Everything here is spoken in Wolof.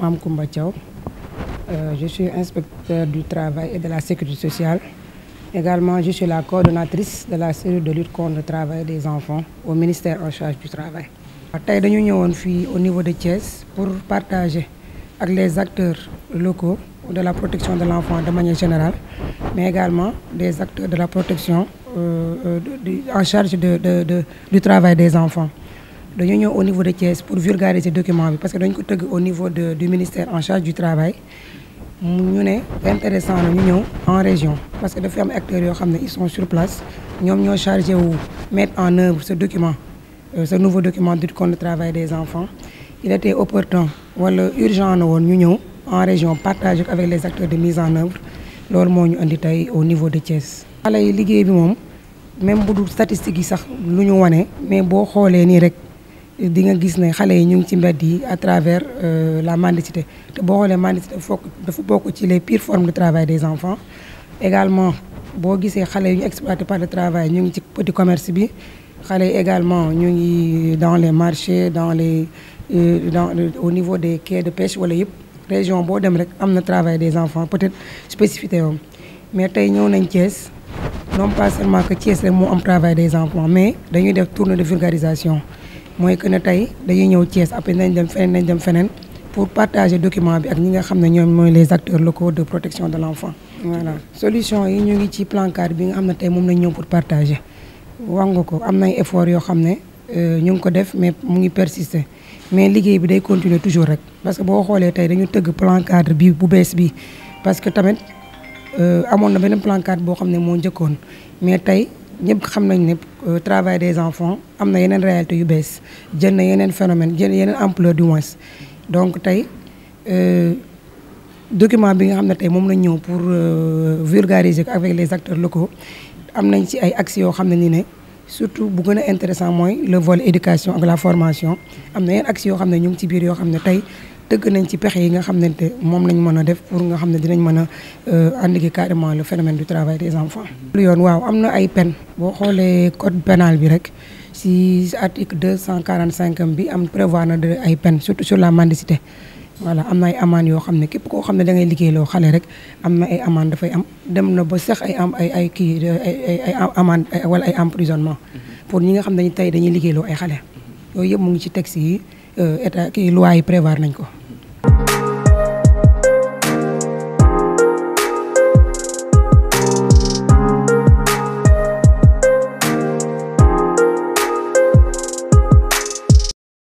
Am Koumba Thiaw euh, je suis inspecteur du travail et de la sécurité sociale également je suis la coordonnatrice de la cellule de lutte contre le travail des enfants au ministère en charge du travail tey dañu ñëwoon fii au niveau de Thiès pour partager ak les acteurs locaux de la protection de l'enfant de manière générale mais également des acteurs de la protection euh, euh de, de, en charge de, du travail des enfants dañoo ñëw au niveau de Thiès pour vulgariser document bi parce que dañ ko tëgg au niveau de du ministère en charge du travail ñu ne intéressant na ñu ñëw en région parce que dafa am acteurs yoo xam ne ils sont sur place ñoom ñoo chargé wu mettre en œuvre ce document euh, ce nouveau document du compte de travail des enfants il était opportun wala urgent na woon ñu ñëw en région partager avec les acteurs de mise en œuvre loolu moo ñu indi tey au niveau de Thiès. xale yi liggéey bi moom même bu dul statistiques yi sax lu ñu wane mais boo xoolee nii rek. di nga gis ne xale yi ñu ngi ci mbedd yi à travers euh, la mendicité te boo xoolee mendicité foog dafa bokk ci les pires formes de travail des enfants également boo gisee xale yi ñu exploité par le travail ñu ngi ci petit commerce bi xale yi également ñu ngi dans les marchés dans les euh, dans au niveau des quais de pêche wala yëpp région boo dem rek am na travail des enfants peut-être spécificité woom mais tey ñëw nañ Thiès non pas seulement que Thiès rek moo am travail des enfants mais dañuy def tournée de vulgarisation mooy que ne tey dañuy ñëw Thiès après nañ dem feneen nañ dem feneen pour partager document bi ak ñi nga xam ne ñoom mooy les acteurs locaux de protection de l' enfant. voilà solution yi ñu ngi ci plan cadre bi nga xam ne tey moom lañ ñëw pour partager wax nga ko am nay effort yoo xam ne euh, ñu ngi ko def mais mu ngi persister mais liggéey bi day continuer toujours rek parce que boo xoolee tey dañu tëgg plan cadre bi bu bees bi parce que tamit euh, amoon na beneen plan cadre boo xam ne moo njëkkoon mais tey. ñëpp xam nañ ne euh, travail des enfants am na yeneen réalité yu bees jël na yeneen phénomène jël yeneen ampleur du moins donc tey euh, document bi nga xam ne tey moom lañ ñëw pour euh, vulgariser ko avec les acteurs locaux am nañ ci ay axes yoo xam ne ni ne surtout bu gën a intéressant mooy le volet éducation ak la formation am na yeneen axes yoo xam ne ñu ngi ci biir yoo xam ne tey tëgg nañ ci pexe yi nga xam ne moom lañ mën a def pour nga xam ne dinañ mën a euh, endiguer carrément le phénomène du travail des enfants. lu yoon waaw am na ay peine boo xoolee code pénal bi rek si article deux cent quarante cinq bi am prévoir na de ay peine surtout sur la mendicité voilà am na ay amende yoo xam ne képp koo xam ne da ngay liggéeyloo xale rek am na ay amende dafay am dem na ba sax ay am ay ay kii ay ay amende wala ay emprisonnement mm-hmm. pour ñi nga xam ne tey dañuy liggéeyloo ay xale yooyu yëpp mu ngi ci texte yi. Euh, état kii loi yi prévoir nañ ko.